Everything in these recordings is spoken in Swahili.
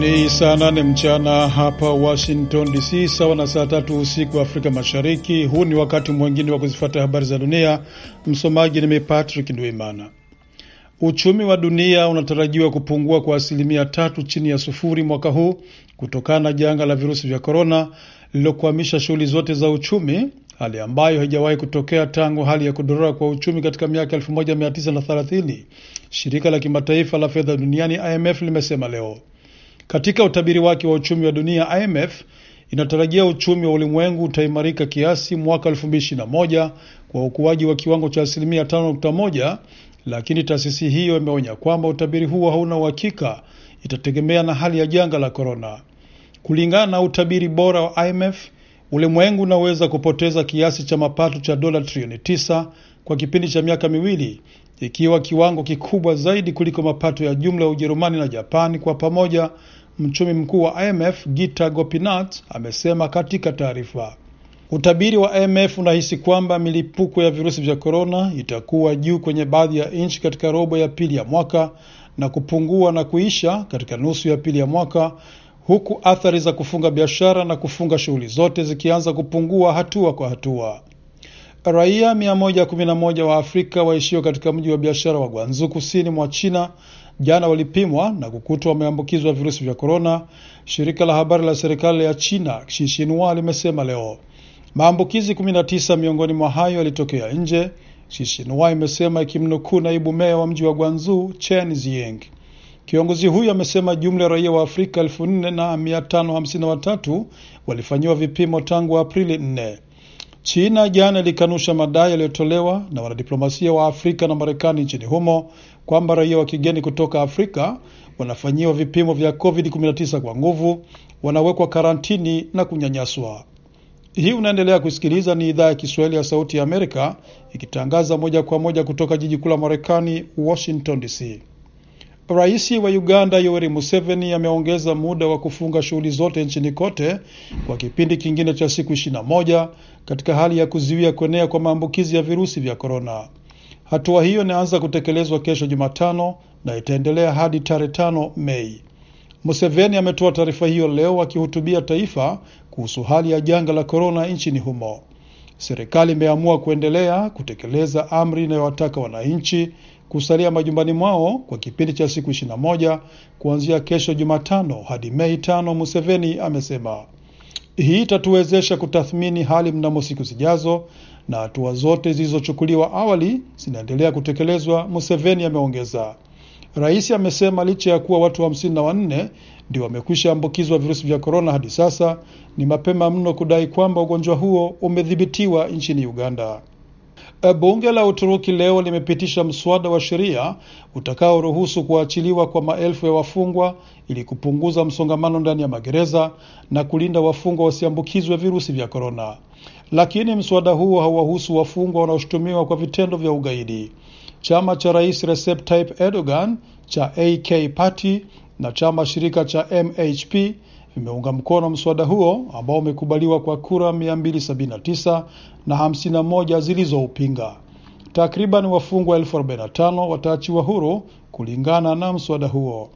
Ni saa nane mchana hapa Washington DC, sawa na saa tatu usiku wa Afrika Mashariki. Huu ni wakati mwingine wa kuzifuata habari za dunia. Msomaji nimi Patrick Ndwimana. Uchumi wa dunia unatarajiwa kupungua kwa asilimia tatu chini ya sufuri mwaka huu kutokana na janga la virusi vya korona lililokwamisha shughuli zote za uchumi, hali ambayo haijawahi kutokea tangu hali ya kudorora kwa uchumi katika miaka 1930 shirika la kimataifa la fedha duniani IMF limesema leo. Katika utabiri wake wa uchumi wa dunia, IMF inatarajia uchumi wa ulimwengu utaimarika kiasi mwaka elfu na moja kwa ukuaji wa kiwango cha asilimia 51 moja lakini taasisi hiyo imeonya kwamba utabiri huo hauna uhakika, itategemea na hali ya janga la korona. Kulingana na utabiri bora wa IMF, ulimwengu unaweza kupoteza kiasi cha mapato cha dola trilioni tisa kwa kipindi cha miaka miwili, ikiwa kiwango kikubwa zaidi kuliko mapato ya jumla ya Ujerumani na Japani kwa pamoja mchumi mkuu wa IMF Gita Gopinath amesema katika taarifa. Utabiri wa IMF unahisi kwamba milipuko ya virusi vya korona itakuwa juu kwenye baadhi ya nchi katika robo ya pili ya mwaka na kupungua na kuisha katika nusu ya pili ya mwaka, huku athari za kufunga biashara na kufunga shughuli zote zikianza kupungua hatua kwa hatua. Raia 111 wa Afrika waishio katika mji wa biashara wa Guangzhou kusini mwa China jana walipimwa na kukutwa wameambukizwa virusi vya korona, shirika la habari la serikali ya China Shishinwa limesema leo. Maambukizi 19 miongoni mwa hayo yalitokea nje, Shishinwa imesema ikimnukuu naibu meya wa mji wa Guangzhou Chen Zieng. Kiongozi huyo amesema jumla ya raia wa Afrika 4553 na walifanyiwa vipimo tangu Aprili 4. China jana ilikanusha madai yaliyotolewa na wanadiplomasia wa Afrika na Marekani nchini humo kwamba raia wa kigeni kutoka Afrika wanafanyiwa vipimo vya COVID-19 kwa nguvu, wanawekwa karantini na kunyanyaswa. Hii unaendelea kusikiliza, ni idhaa ya Kiswahili ya Sauti ya Amerika ikitangaza moja kwa moja kutoka jiji kuu la Marekani, Washington DC. Rais wa Uganda Yoweri Museveni ameongeza muda wa kufunga shughuli zote nchini kote kwa kipindi kingine cha siku 21 katika hali ya kuzuia kuenea kwa maambukizi ya virusi vya korona. Hatua hiyo inaanza kutekelezwa kesho Jumatano na itaendelea hadi tarehe tano Mei. Museveni ametoa taarifa hiyo leo akihutubia taifa kuhusu hali ya janga la korona nchini humo. Serikali imeamua kuendelea kutekeleza amri inayowataka wananchi kusalia majumbani mwao kwa kipindi cha siku 21 kuanzia kesho Jumatano hadi Mei tano, Museveni amesema. Hii itatuwezesha kutathmini hali mnamo siku zijazo na hatua zote zilizochukuliwa awali zinaendelea kutekelezwa, Museveni ameongeza. Rais amesema licha ya kuwa watu hamsini na wanne ndio wamekwisha ambukizwa virusi vya korona hadi sasa, ni mapema mno kudai kwamba ugonjwa huo umedhibitiwa nchini Uganda. E, bunge la Uturuki leo limepitisha mswada wa sheria utakaoruhusu kuachiliwa kwa maelfu ya wafungwa ili kupunguza msongamano ndani ya magereza na kulinda wafungwa wasiambukizwe virusi vya korona lakini mswada huo hauwahusu wafungwa wanaoshutumiwa kwa vitendo vya ugaidi. Chama cha Rais Recep Tayyip Erdogan cha AK Party na chama shirika cha MHP vimeunga mkono mswada huo ambao umekubaliwa kwa kura 279 na 51 zilizoupinga. Takriban wafungwa elfu wataachiwa huru kulingana na mswada huo.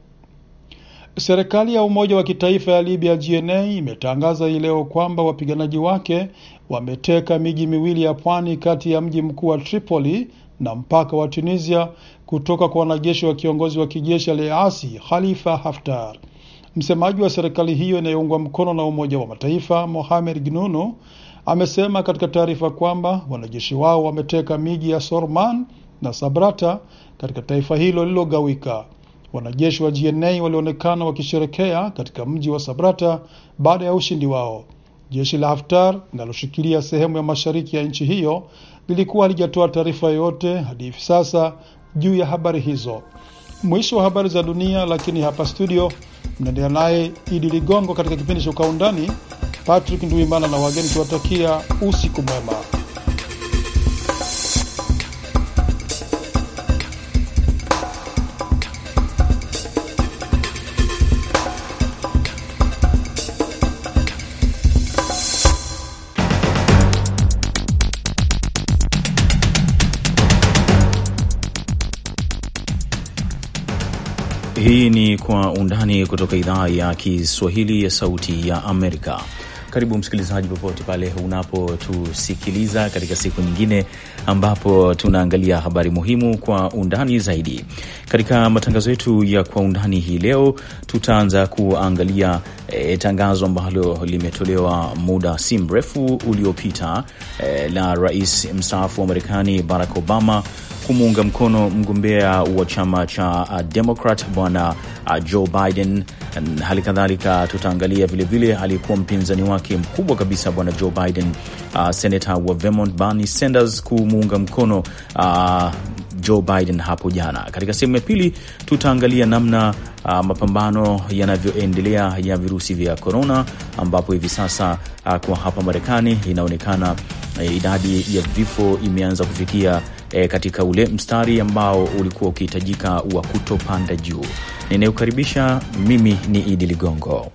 Serikali ya Umoja wa Kitaifa ya Libya GNA imetangaza hii leo kwamba wapiganaji wake wameteka miji miwili ya pwani kati ya mji mkuu wa Tripoli na mpaka wa Tunisia kutoka kwa wanajeshi wa kiongozi wa kijeshi aliyeasi Khalifa Haftar. Msemaji wa serikali hiyo inayoungwa mkono na Umoja wa Mataifa Mohamed Gnunu amesema katika taarifa kwamba wanajeshi wao wameteka miji ya Sorman na Sabrata katika taifa hilo lililogawika. Wanajeshi wa GNA walionekana wakisherekea katika mji wa Sabrata baada ya ushindi wao. Jeshi la Haftar linaloshikilia sehemu ya mashariki ya nchi hiyo lilikuwa halijatoa taarifa yoyote hadi hivi sasa juu ya habari hizo. Mwisho wa habari za dunia, lakini hapa studio mnaendelea naye Idi Ligongo katika kipindi cha Kwa Undani. Patrick Nduimana na wageni kiwatakia usiku mwema. Hii ni Kwa Undani kutoka idhaa ya Kiswahili ya Sauti ya Amerika. Karibu msikilizaji, popote pale unapotusikiliza katika siku nyingine ambapo tunaangalia habari muhimu kwa undani zaidi. Katika matangazo yetu ya kwa undani hii leo, tutaanza kuangalia e, tangazo ambalo limetolewa muda si mrefu uliopita e, la rais mstaafu wa Marekani Barack Obama kumuunga mkono mgombea wa chama cha uh, Democrat bwana jo uh, Joe Biden. Hali kadhalika tutaangalia vilevile aliyekuwa mpinzani wake mkubwa kabisa bwana Joe Biden, uh, senata wa Vermont Bernie Sanders kumuunga mkono uh, Joe Biden hapo jana. Katika sehemu ya pili tutaangalia namna uh, mapambano yanavyoendelea ya virusi vya korona, ambapo hivi sasa uh, kwa hapa Marekani inaonekana uh, idadi ya vifo imeanza kufikia e, katika ule mstari ambao ulikuwa ukihitajika wa kutopanda juu. Ninayokaribisha mimi ni Idi Ligongo.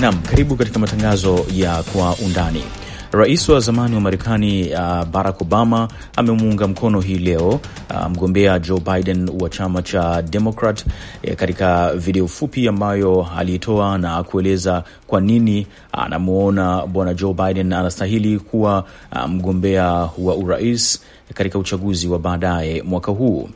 Nam, karibu katika matangazo ya kwa undani. Rais wa zamani wa Marekani uh, Barack Obama amemuunga mkono hii leo uh, mgombea Joe Biden wa chama cha Democrat eh, katika video fupi ambayo aliitoa na kueleza kwa nini anamwona bwana Joe Biden anastahili kuwa uh, mgombea wa urais katika uchaguzi wa baadaye mwaka huu.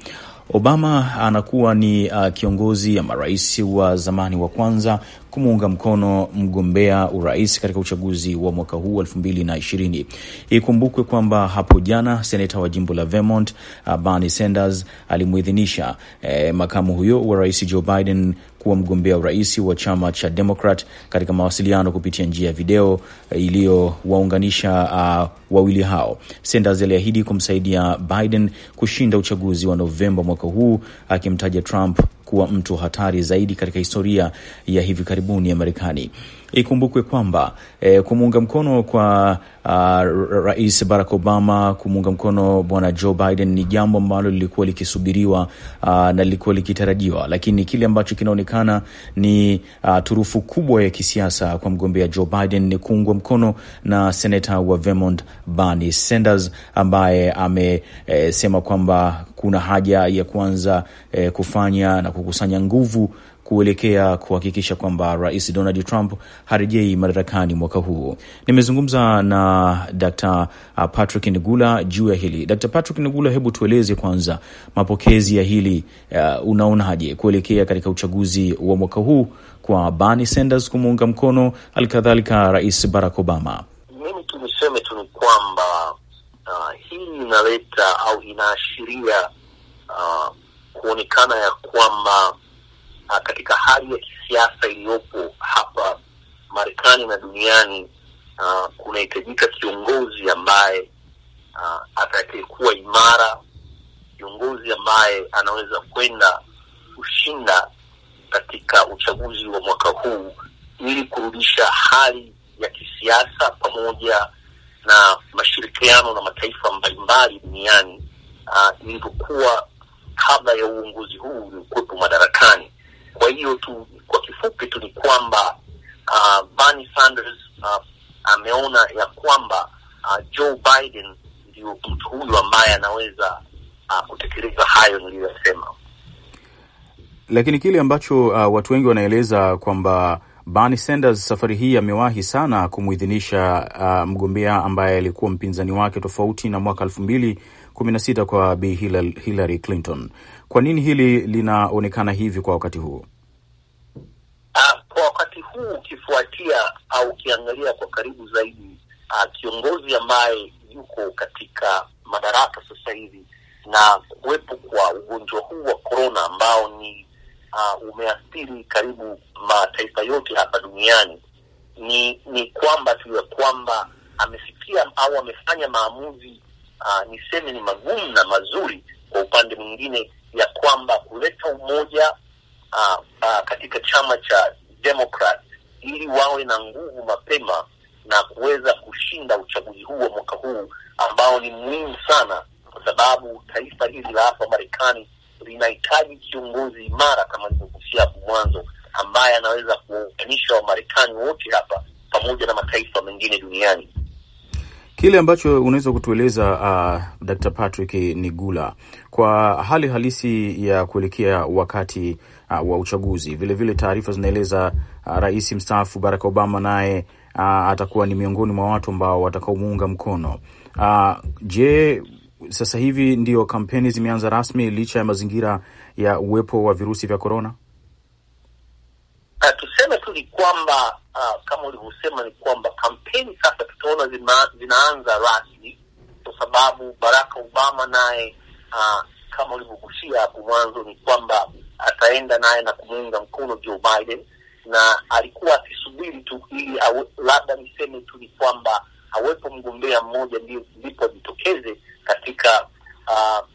Obama anakuwa ni uh, kiongozi ama rais wa zamani wa kwanza kumuunga mkono mgombea urais katika uchaguzi wa mwaka huu elfu mbili na ishirini. Ikumbukwe kwamba hapo jana seneta wa jimbo la Vermont uh, Bernie Sanders alimuidhinisha eh, makamu huyo wa rais Joe Biden kuwa mgombea urais wa chama cha Demokrat katika mawasiliano kupitia njia ya video eh, iliyowaunganisha uh, wawili hao. Sanders aliahidi kumsaidia Biden kushinda uchaguzi wa Novemba mwaka huu, akimtaja Trump kuwa mtu hatari zaidi katika historia ya hivi karibuni ya Marekani. Ikumbukwe kwamba e, kumuunga mkono kwa uh, Rais Barack Obama, kumuunga mkono Bwana Joe Biden ni jambo ambalo lilikuwa likisubiriwa uh, na lilikuwa likitarajiwa, lakini kile ambacho kinaonekana ni uh, turufu kubwa ya kisiasa kwa mgombea Joe Biden ni kuungwa mkono na senata wa Vermont Bernie Sanders ambaye amesema eh, e, kwamba kuna haja ya kuanza e, kufanya na kukusanya nguvu kuelekea kuhakikisha kwamba Rais Donald Trump harejei madarakani mwaka huu. Nimezungumza na Dr. Patrick Ngula juu ya hili. Dr. Patrick Ngula, hebu tueleze kwanza mapokezi ya hili uh, unaonaje kuelekea katika uchaguzi wa mwaka huu kwa Bernie Sanders kumuunga mkono, halikadhalika Rais Barack Obama? Mimi tu niseme tu ni kwamba uh, hii inaleta au inaashiria uh, kuonekana ya kwamba ha, ah, katika hali ya kisiasa iliyopo hapa Marekani na duniani uh, kunahitajika kiongozi ambaye uh, atakayekuwa imara, kiongozi ambaye anaweza kwenda kushinda katika uchaguzi wa mwaka huu ili kurudisha hali ya kisiasa pamoja na mashirikiano na mataifa mbalimbali duniani ilivyokuwa kabla ya uongozi huu uliokuwepo madarakani. Kwa hiyo tu, kwa kifupi tu ni kwamba uh, Bernie Sanders uh, ameona ya kwamba uh, Joe Biden ndio mtu huyu ambaye anaweza uh, kutekeleza hayo niliyosema Lakini kile ambacho uh, watu wengi wanaeleza kwamba Bernie Sanders safari hii amewahi sana kumwidhinisha uh, mgombea ambaye alikuwa mpinzani wake tofauti na mwaka elfu mbili kumi na sita kwa Bi Hillary Clinton. Kwa nini hili linaonekana hivi kwa wakati huu? Ah, kwa wakati huu ukifuatia au ukiangalia kwa karibu zaidi a, ah, kiongozi ambaye yuko katika madaraka sasa hivi na kuwepo kwa ugonjwa huu wa korona ambao ni uh, umeathiri karibu mataifa yote hapa duniani, ni ni kwamba tu ya kwamba amesikia au amefanya maamuzi uh, niseme ni magumu na mazuri, kwa upande mwingine ya kwamba kuleta umoja uh, uh, katika chama cha Democrat ili wawe na nguvu mapema na kuweza kushinda uchaguzi huu wa mwaka huu ambao ni muhimu sana, kwa sababu taifa hili la hapa Marekani linahitaji kiongozi imara kama nilivyogusia hapo mwanzo, ambaye anaweza kuunganisha Wamarekani wote hapa pamoja na mataifa mengine duniani. Kile ambacho unaweza kutueleza uh, Dr. Patrick Nigula kwa hali halisi ya kuelekea wakati uh, wa uchaguzi. Vilevile taarifa zinaeleza uh, rais mstaafu Barack Obama naye uh, atakuwa ni miongoni mwa watu ambao watakaomuunga mkono. Uh, je, sasa hivi ndio kampeni zimeanza rasmi licha ya mazingira ya uwepo wa virusi vya korona? Uh, tuseme tu ni kwamba uh, kama ulivyosema ni kwamba kampeni sasa tutaona zinaanza rasmi kwa sababu Barack Obama naye uh, kama ulivyogusia hapo mwanzo ni kwamba ataenda naye na kumuunga mkono Joe Biden, na alikuwa akisubiri tu ili labda niseme tu ni kwamba awepo mgombea mmoja ndipo ajitokeze katika uh,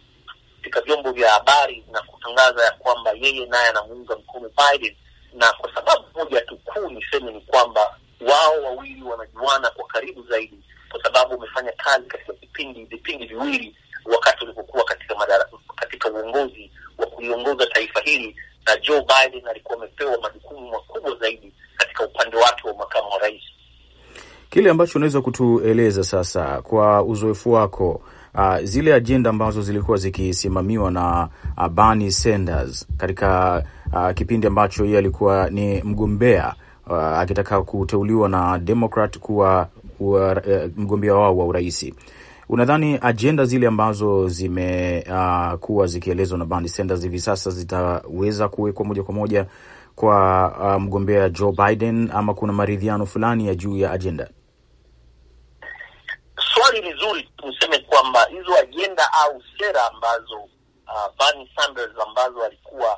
katika vyombo vya habari na kutangaza ya kwamba yeye naye anamuunga mkono Biden, na kwa sababu moja tu kuu niseme ni kwamba wao wawili wanajuana kwa karibu zaidi, kwa sababu wamefanya kazi katika vipindi vipindi viwili uongozi wa kuliongoza taifa hili, na Joe Biden alikuwa amepewa majukumu makubwa zaidi katika upande wake wa makamu wa rais. Kile ambacho unaweza kutueleza sasa kwa uzoefu wako, uh, zile ajenda ambazo zilikuwa zikisimamiwa na uh, Bernie Sanders katika uh, kipindi ambacho yeye alikuwa ni mgombea uh, akitaka kuteuliwa na Democrat kuwa, kuwa uh, mgombea wao wa uraisi unadhani ajenda zile ambazo zimekuwa ah, uh, zikielezwa na Bernie Sanders hivi sasa zitaweza kuwekwa moja kwa moja kwa uh, mgombea Joe Biden ama kuna maridhiano fulani ya juu ya ajenda? Swali vizuri, tuseme kwamba hizo ajenda au sera ambazo uh, Bernie Sanders ambazo alikuwa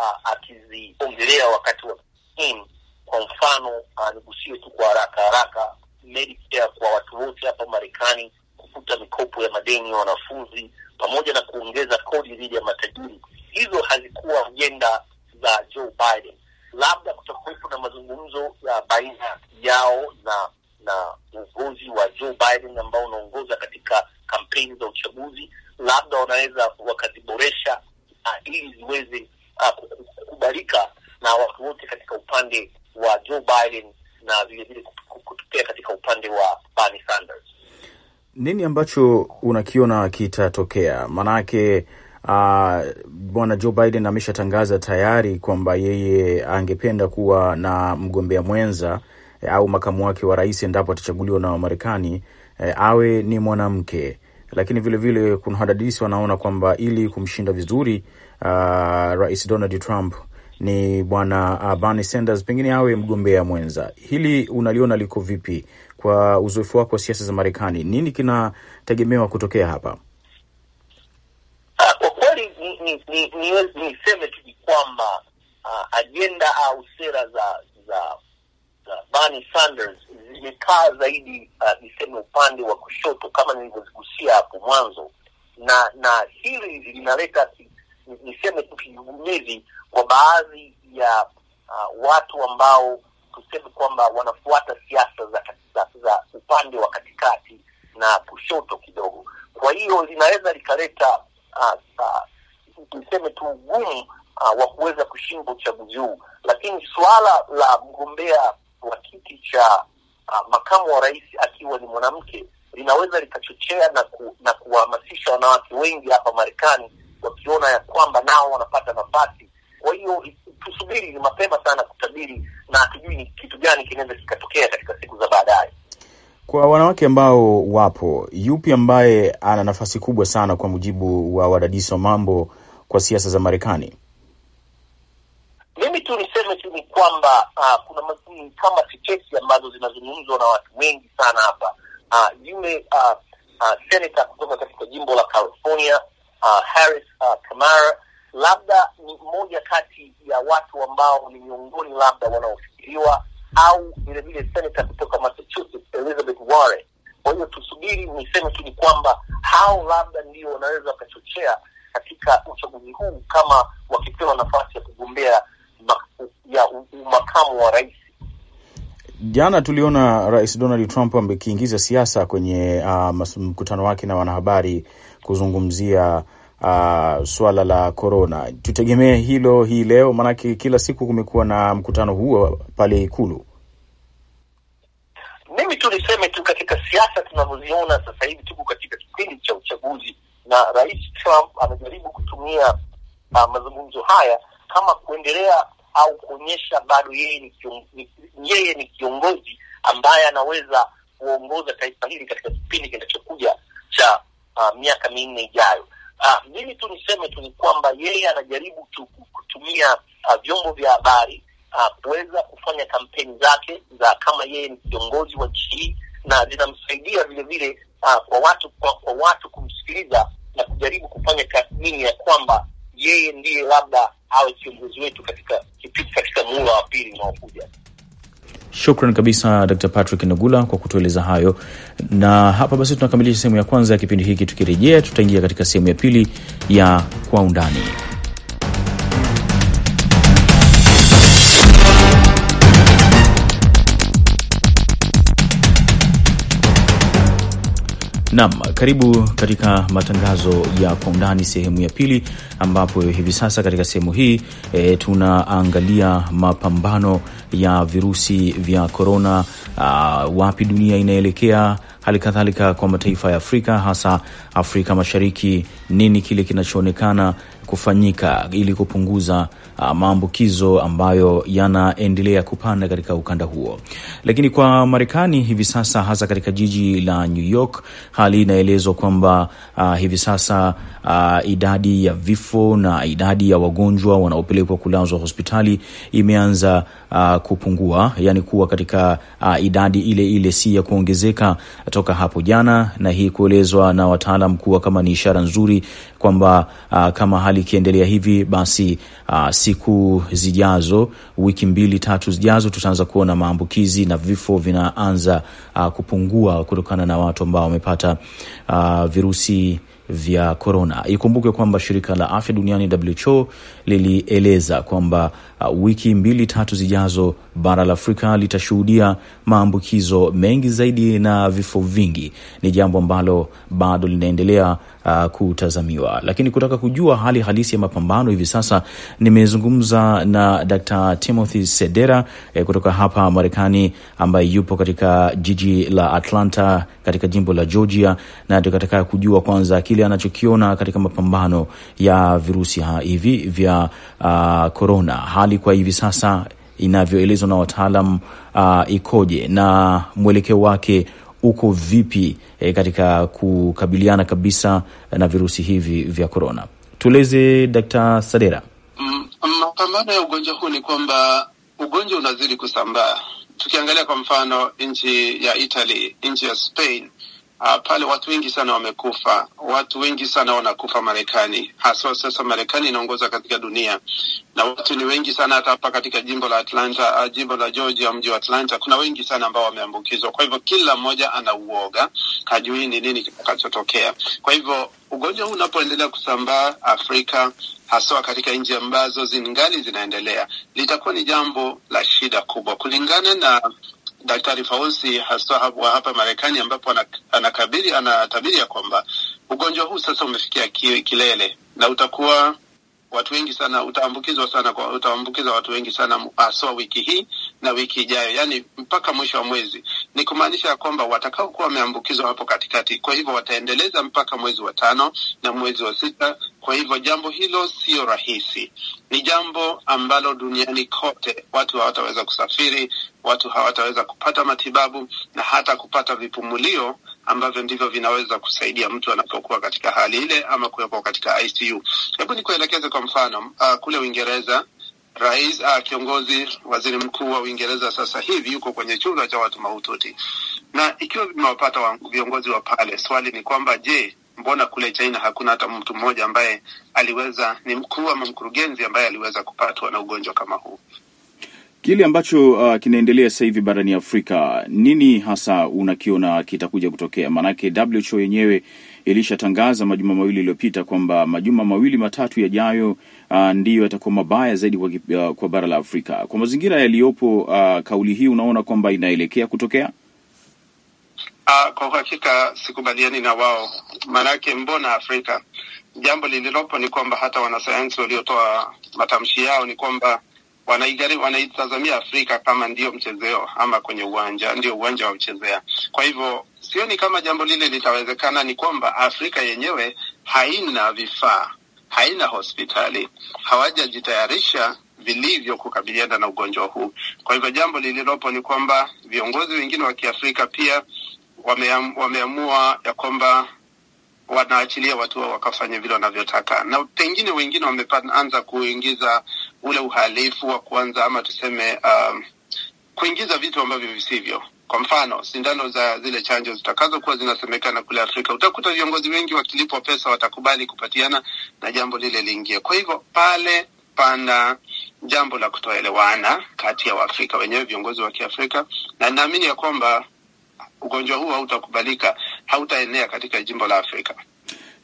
uh, akiziongelea wakati wa kwa mfano uh, nigusie tu kwa haraka haraka, Medicare kwa watu wote hapa Marekani kufuta mikopo ya madeni ya wanafunzi pamoja na kuongeza kodi dhidi ya matajiri, hizo hazikuwa ajenda za Joe Biden. Labda kutakuwepo na mazungumzo ya baina yao na na uongozi wa Joe Biden ambao unaongoza katika kampeni za uchaguzi, labda wanaweza wakaziboresha uh, ili ziweze uh, kukubalika na watu wote katika upande wa Joe Biden na vilevile kutokea katika upande wa Bernie Sanders nini ambacho unakiona kitatokea? Maanake uh, ah, bwana Joe Biden ameshatangaza tayari kwamba yeye angependa kuwa na mgombea mwenza eh, au makamu wake wa rais endapo atachaguliwa na Wamarekani eh, awe ni mwanamke. Lakini vilevile kuna wadadisi wanaona kwamba ili kumshinda vizuri uh, rais Donald Trump ni bwana uh, Bernie Sanders pengine awe mgombea mwenza. Hili unaliona liko vipi kwa uzoefu wako wa siasa za Marekani? Nini kinategemewa kutokea hapa? Ah, kwa kweli niseme tu kwamba uh, ajenda au sera za za Bernie Sanders zimekaa zaidi uh, niseme upande wa kushoto kama nilivyozigusia hapo mwanzo, na na hili linaleta niseme tu kigugumizi kwa baadhi ya uh, watu ambao tuseme kwamba wanafuata siasa za, za, za upande wa katikati na kushoto kidogo. Kwa hiyo linaweza likaleta niseme uh, uh, tu ugumu uh, wa kuweza kushinda uchaguzi huu, lakini suala la mgombea wa kiti cha uh, makamu wa rais akiwa ni mwanamke linaweza likachochea na, ku, na kuwahamasisha wanawake wengi hapa Marekani wakiona ya kwamba nao wanapata nafasi. Kwa hiyo tusubiri, ni mapema sana kutabiri na hatujui ni kitu gani kinaweza kikatokea katika siku za baadaye. Kwa wanawake ambao wapo, yupi ambaye ana nafasi kubwa sana kwa mujibu wa wadadisi wa mambo kwa siasa za Marekani? Mimi tu niseme tu ni kwamba uh, kuna mazungumzo kama tetesi ambazo zinazungumzwa na watu wengi sana hapa. Uh, yule uh, ah, uh, senata kutoka katika jimbo la California uh, Harris uh, Kamara labda ni mmoja kati ya watu ambao ni miongoni labda wanaofikiriwa au vilevile senator kutoka Massachusetts Elizabeth Warren. Kwa hiyo tusubiri, niseme tu ni kwamba hao labda ndio wanaweza wakachochea katika uchaguzi huu kama wakipewa nafasi ya kugombea ya makamu wa rais. Jana tuliona Rais Donald Trump amekiingiza siasa kwenye uh, mkutano wake na wanahabari kuzungumzia uh, swala la korona. Tutegemee hilo hii leo, maanake kila siku kumekuwa na mkutano huo pale Ikulu. Mimi tu niseme tu, katika siasa tunavyoziona sasa hivi, tuko katika kipindi cha uchaguzi, na Rais Trump amejaribu kutumia uh, mazungumzo haya kama kuendelea au kuonyesha bado yeye ni kiongozi, yeye ni kiongozi ambaye anaweza kuongoza taifa hili katika kipindi kinachokuja cha uh, miaka minne ijayo. Uh, mimi tu niseme tu ni kwamba yeye anajaribu tu kutumia uh, vyombo vya habari uh, kuweza kufanya kampeni zake za kama yeye ni kiongozi wa nchi hii, na zinamsaidia vile vile uh, kwa watu kwa, kwa watu kumsikiliza na kujaribu kufanya tathmini ya kwamba yeye ndiye labda awe kiongozi wetu katika kipindi, katika muhula wa pili unaokuja. Shukran kabisa Dr Patrick Nagula kwa kutueleza hayo, na hapa basi tunakamilisha sehemu ya kwanza ya kipindi hiki. Tukirejea tutaingia katika sehemu ya pili ya Kwa Undani. Nam, karibu katika matangazo ya kwa undani sehemu ya pili, ambapo hivi sasa katika sehemu hii e, tunaangalia mapambano ya virusi vya korona, wapi dunia inaelekea, hali kadhalika kwa mataifa ya Afrika, hasa Afrika Mashariki, nini kile kinachoonekana kufanyika ili kupunguza uh, maambukizo ambayo yanaendelea kupanda katika ukanda huo. Lakini kwa Marekani hivi sasa, hasa katika jiji la New York, hali inaelezwa kwamba uh, hivi sasa uh, idadi ya vifo na idadi ya wagonjwa wanaopelekwa kulazwa hospitali imeanza uh, kupungua, yani kuwa katika uh, idadi ile ile, si ya kuongezeka toka hapo jana, na hii kuelezwa na wataalam kuwa kama ni ishara nzuri kwamba uh, kama hali likiendelea hivi basi, uh, siku zijazo, wiki mbili tatu zijazo, tutaanza kuona maambukizi na vifo vinaanza uh, kupungua kutokana na watu ambao wamepata uh, virusi vya korona. ikumbuke kwamba shirika la afya duniani WHO lilieleza kwamba uh, wiki mbili tatu zijazo bara la Afrika litashuhudia maambukizo mengi zaidi na vifo vingi. Ni jambo ambalo bado linaendelea uh, kutazamiwa, lakini kutaka kujua hali halisi ya mapambano hivi sasa nimezungumza na Dr. Timothy Sedera eh, kutoka hapa Marekani ambaye yupo katika jiji la Atlanta katika jimbo la Georgia, na tukataka kujua kwanza kile anachokiona katika mapambano ya virusi hivi vya korona uh, hali kwa hivi sasa inavyoelezwa na wataalam uh, ikoje na mwelekeo wake uko vipi e, katika kukabiliana kabisa na virusi hivi vya korona? Tueleze Daktari Sadera. Mm, mm, mapambano ya ugonjwa huu ni kwamba ugonjwa unazidi kusambaa. Tukiangalia kwa mfano nchi ya Italy, nchi ya Spain uh, pale watu wengi sana wamekufa, watu wengi sana wanakufa Marekani, haswa sasa Marekani inaongoza katika dunia na watu ni wengi sana, hata hapa katika jimbo la Atlanta, uh, jimbo la Georgia, mji wa Atlanta, kuna wengi sana ambao wameambukizwa. Kwa hivyo kila mmoja ana uoga, hajui ni nini kitakachotokea. Kwa hivyo ugonjwa huu unapoendelea kusambaa Afrika haswa katika nchi ambazo zingali zinaendelea litakuwa ni jambo la shida kubwa, kulingana na Daktari Fausi haswa wa hapa Marekani, ambapo anakabiri anatabiri ya kwamba ugonjwa huu sasa umefikia kilele na utakuwa watu wengi sana utaambukizwa sana kwa utaambukiza watu wengi sana haswa wiki hii na wiki ijayo, yani mpaka mwisho wa mwezi. Ni kumaanisha ya kwamba watakaokuwa wameambukizwa hapo katikati, kwa hivyo wataendeleza mpaka mwezi wa tano na mwezi wa sita. Kwa hivyo jambo hilo sio rahisi, ni jambo ambalo duniani kote watu hawataweza kusafiri, watu hawataweza kupata matibabu na hata kupata vipumulio ambavyo ndivyo vinaweza kusaidia mtu anapokuwa katika hali ile ama kuwepo katika ICU. Hebu nikuelekeze kwa mfano uh, kule Uingereza rais uh, kiongozi waziri mkuu wa Uingereza sasa hivi yuko kwenye chumba cha watu mahututi, na ikiwa vimewapata viongozi wa pale, swali ni kwamba je, mbona kule China hakuna hata mtu mmoja ambaye aliweza, ni mkuu ama mkurugenzi ambaye aliweza kupatwa na ugonjwa kama huu? Kile ambacho uh, kinaendelea sasa hivi barani Afrika, nini hasa unakiona kitakuja kutokea? Maanake WHO yenyewe ilishatangaza majuma mawili iliyopita kwamba majuma mawili matatu yajayo, uh, ndiyo yatakuwa mabaya zaidi kwa, uh, kwa bara la Afrika. Kwa mazingira yaliyopo, uh, kauli hii unaona kwamba inaelekea kutokea? Uh, kwa uhakika sikubaliani na wao, maanake mbona Afrika, jambo lililopo ni kwamba hata wanasayansi waliotoa matamshi yao ni kwamba wanaijaribu wanaitazamia Afrika kama ndio mchezeo ama kwenye uwanja ndio uwanja wa mchezea Kwa hivyo sioni kama jambo lile litawezekana. Ni kwamba Afrika yenyewe haina vifaa, haina hospitali, hawajajitayarisha vilivyo kukabiliana na ugonjwa huu. Kwa hivyo jambo lililopo ni kwamba viongozi wengine wa Kiafrika pia wameamua ya kwamba wanaachilia watu wao wakafanya vile wanavyotaka, na pengine wengine wameanza kuingiza ule uhalifu wa kuanza ama tuseme, um, kuingiza vitu ambavyo visivyo. Kwa mfano sindano za zile chanjo zitakazokuwa zinasemekana kule Afrika, utakuta viongozi wengi wakilipwa pesa watakubali kupatiana na jambo lile liingie. Kwa hivyo pale pana jambo la kutoelewana kati ya Waafrika wenyewe, viongozi wa Kiafrika, na naamini ya kwamba ugonjwa huu hautakubalika, hautaenea katika jimbo la Afrika.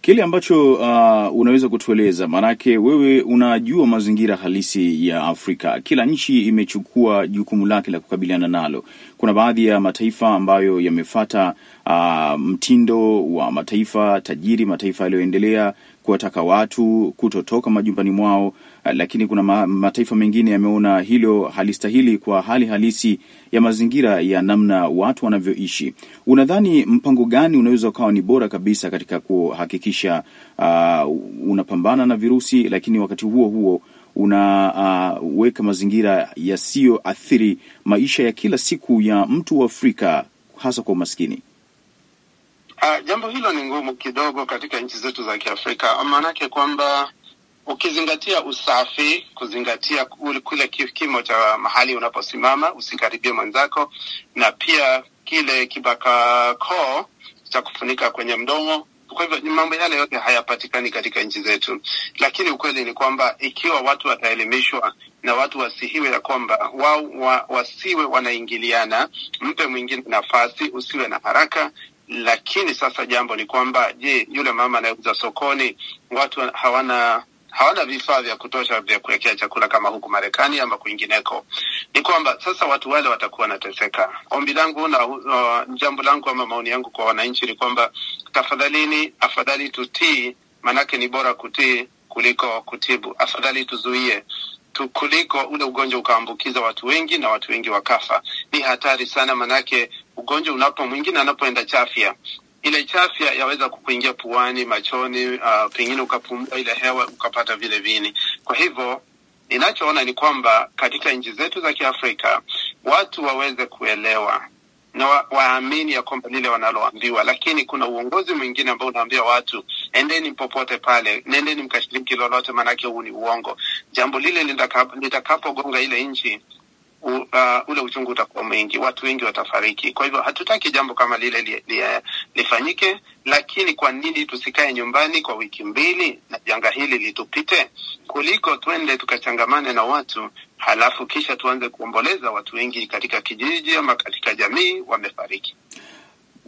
Kile ambacho uh, unaweza kutueleza, maanake wewe unajua mazingira halisi ya Afrika. Kila nchi imechukua jukumu lake la kukabiliana nalo. Kuna baadhi ya mataifa ambayo yamefata uh, mtindo wa mataifa tajiri, mataifa yaliyoendelea, kuwataka watu kutotoka majumbani mwao Eh, lakini kuna ma, mataifa mengine yameona hilo halistahili kwa hali halisi ya mazingira ya namna watu wanavyoishi. Unadhani mpango gani unaweza ukawa ni bora kabisa katika kuhakikisha uh, unapambana na virusi, lakini wakati huo huo unaweka uh, mazingira yasiyoathiri maisha ya kila siku ya mtu wa Afrika hasa kwa umaskini? Uh, jambo hilo ni ngumu kidogo katika nchi zetu za Kiafrika, maanake kwamba ukizingatia usafi, kuzingatia kule kimo cha mahali unaposimama, usikaribie mwenzako, na pia kile kibakakoo cha kufunika kwenye mdomo. Kwa hivyo mambo yale yote hayapatikani katika nchi zetu, lakini ukweli ni kwamba ikiwa watu wataelimishwa na watu wasihiwe ya kwamba wao wa, wasiwe wanaingiliana, mpe mwingine nafasi, usiwe na haraka lakini sasa jambo ni kwamba je, yule mama anayeuza sokoni, watu hawana hawana vifaa vya kutosha vya kuwekea chakula kama huku Marekani ama kwingineko. Ni kwamba sasa watu wale watakuwa wanateseka. Ombi langu na uh, jambo langu ama maoni yangu kwa wananchi ni kwamba tafadhalini, afadhali tutii, maanake ni bora kutii kuliko kutibu. Afadhali tuzuie kuliko ule ugonjwa ukaambukiza watu wengi na watu wengi wakafa. Ni hatari sana, maanake ugonjwa unapo mwingine anapoenda chafya ile chafu ya, yaweza kukuingia puani, machoni, uh, pengine ukapumua ile hewa ukapata vile vini. Kwa hivyo ninachoona ni kwamba katika nchi zetu za Kiafrika watu waweze kuelewa na wa, waamini ya kwamba lile wanaloambiwa, lakini kuna uongozi mwingine ambao unaambia watu endeni popote pale, nendeni mkashiriki lolote, maanake huu ni uongo. Jambo lile litakapogonga ile nchi u, uh, ule uchungu utakuwa mwingi, watu wengi watafariki. Kwa hivyo hatutaki jambo kama lile li, li, lifanyike, lakini kwa nini tusikae nyumbani kwa wiki mbili na janga hili litupite, kuliko twende tukachangamane na watu halafu kisha tuanze kuomboleza watu wengi katika kijiji ama katika jamii wamefariki.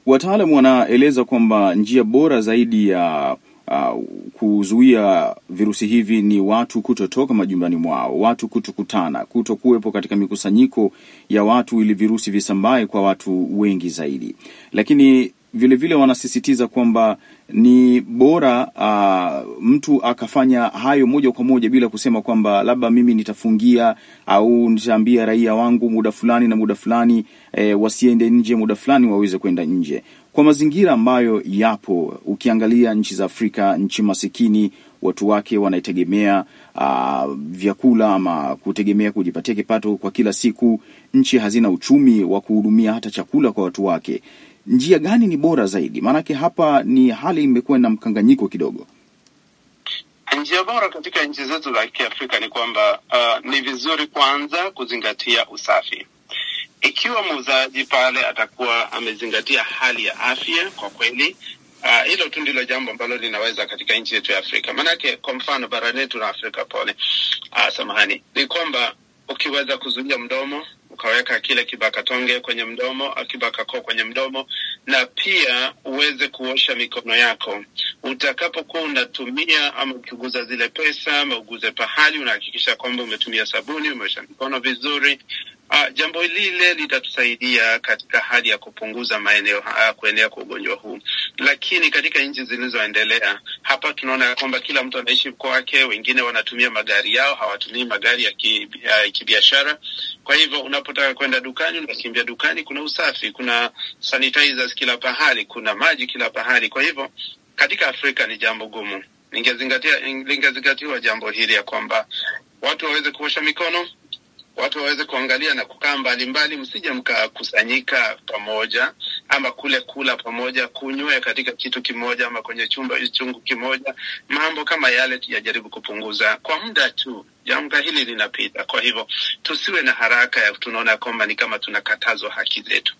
Wataalamu wanaeleza kwamba njia bora zaidi ya uh uh, kuzuia virusi hivi ni watu kutotoka majumbani mwao, watu kutokutana, kutokuwepo katika mikusanyiko ya watu ili virusi visambae kwa watu wengi zaidi. Lakini vilevile vile wanasisitiza kwamba ni bora uh, mtu akafanya hayo moja kwa moja bila kusema kwamba labda mimi nitafungia au nitaambia raia wangu muda fulani na muda fulani, eh, wasiende nje, muda fulani waweze kwenda nje kwa mazingira ambayo yapo. Ukiangalia nchi za Afrika, nchi masikini, watu wake wanaitegemea uh, vyakula ama kutegemea kujipatia kipato kwa kila siku. Nchi hazina uchumi wa kuhudumia hata chakula kwa watu wake. Njia gani ni bora zaidi? Maanake hapa ni hali imekuwa na mkanganyiko kidogo. Njia bora katika nchi zetu za Kiafrika ni kwamba uh, ni vizuri kwanza kuzingatia usafi ikiwa muuzaji pale atakuwa amezingatia hali ya afya, kwa kweli ah, hilo uh, tu ndilo jambo ambalo linaweza katika nchi yetu ya Afrika. Maanake kwa mfano barani yetu la Afrika pole, uh, samahani, ni kwamba ukiweza kuzuia mdomo ukaweka kile kibaka tonge kwenye mdomo, akibaka koo kwenye mdomo, na pia uweze kuosha mikono yako utakapokuwa unatumia ama ukiguza zile pesa ama uguze pahali, unahakikisha kwamba umetumia sabuni, umeosha mikono vizuri, Uh, jambo lile litatusaidia katika hali ya kupunguza maeneo uh, kuenea kwa ugonjwa huu, lakini katika nchi zilizoendelea hapa tunaona ya kwamba kila mtu anaishi kwake, wengine wanatumia magari yao, hawatumii magari ya ki, uh, kibiashara. Kwa hivyo unapotaka kwenda dukani unakimbia dukani, kuna usafi, kuna sanitizers kila pahali, kuna maji kila pahali. Kwa hivyo katika Afrika ni jambo gumu, lingezingatiwa jambo hili ya kwamba watu waweze kuosha mikono watu waweze kuangalia na kukaa mbalimbali, msije mkakusanyika pamoja ama kule kula pamoja, kunywe katika kitu kimoja ama kwenye chumba chungu kimoja. Mambo kama yale tuyajaribu kupunguza kwa muda tu, janga hili linapita. Kwa hivyo tusiwe na haraka ya tunaona kwamba ni kama tunakatazwa haki zetu.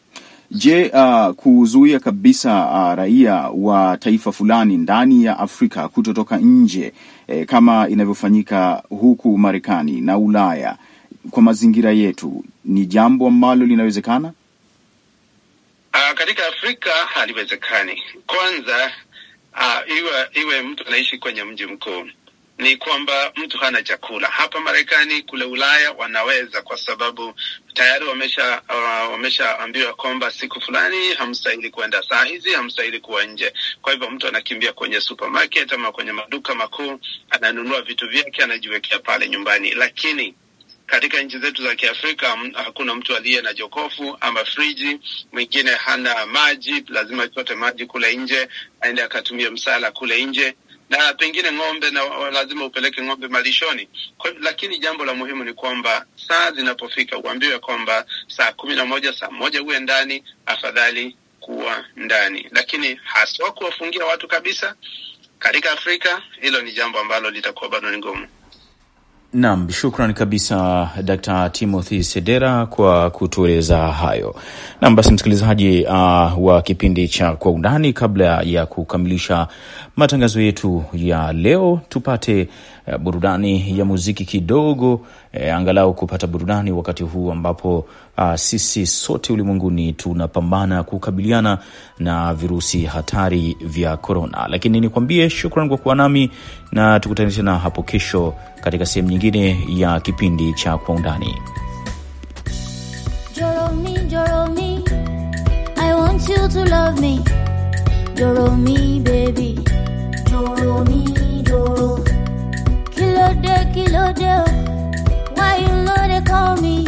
Je, uh, kuzuia kabisa uh, raia wa taifa fulani ndani ya Afrika kutotoka nje eh, kama inavyofanyika huku Marekani na Ulaya kwa mazingira yetu ni jambo ambalo linawezekana? Uh, katika Afrika haliwezekani. Kwanza uh, iwe, iwe mtu anaishi kwenye mji mkuu ni kwamba mtu hana chakula. Hapa Marekani, kule Ulaya wanaweza, kwa sababu tayari wamesha uh, wameshaambiwa kwamba siku fulani hamstahili kuenda saa hizi, hamstahili kuwa nje. Kwa hivyo mtu anakimbia kwenye supermarket ama kwenye maduka makuu, ananunua vitu vyake, anajiwekea pale nyumbani, lakini katika nchi zetu za Kiafrika mm, hakuna mtu aliye na jokofu ama friji, mwingine hana maji, lazima achote maji kule nje, aende akatumia msala kule nje na pengine ng'ombe na lazima upeleke ng'ombe malishoni. Lakini jambo la muhimu ni kwamba saa zinapofika uambiwe kwamba saa kumi na moja saa moja uwe ndani, afadhali kuwa ndani, lakini haswa kuwafungia watu kabisa katika Afrika, hilo ni jambo ambalo litakuwa bado ni ngumu. Nam, shukran kabisa Dkt. Timothy Sedera kwa kutueleza hayo. Nam, basi msikilizaji uh, wa kipindi cha Kwa Undani, kabla ya kukamilisha matangazo yetu ya leo, tupate uh, burudani ya muziki kidogo, uh, angalau kupata burudani wakati huu ambapo uh, sisi sote ulimwenguni tunapambana kukabiliana na virusi hatari vya korona. Lakini nikwambie shukran kwa kuwa nami na tukutane tena hapo kesho katika sehemu nyingine ya kipindi cha Kwa Undani. Kilode, kilode, why you know they call me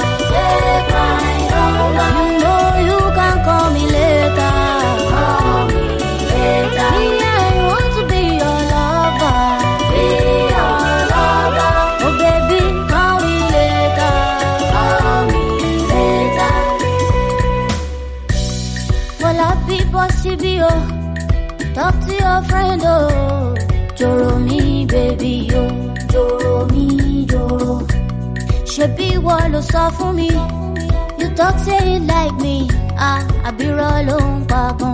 Don't say like me, ah, I be rolling, papa.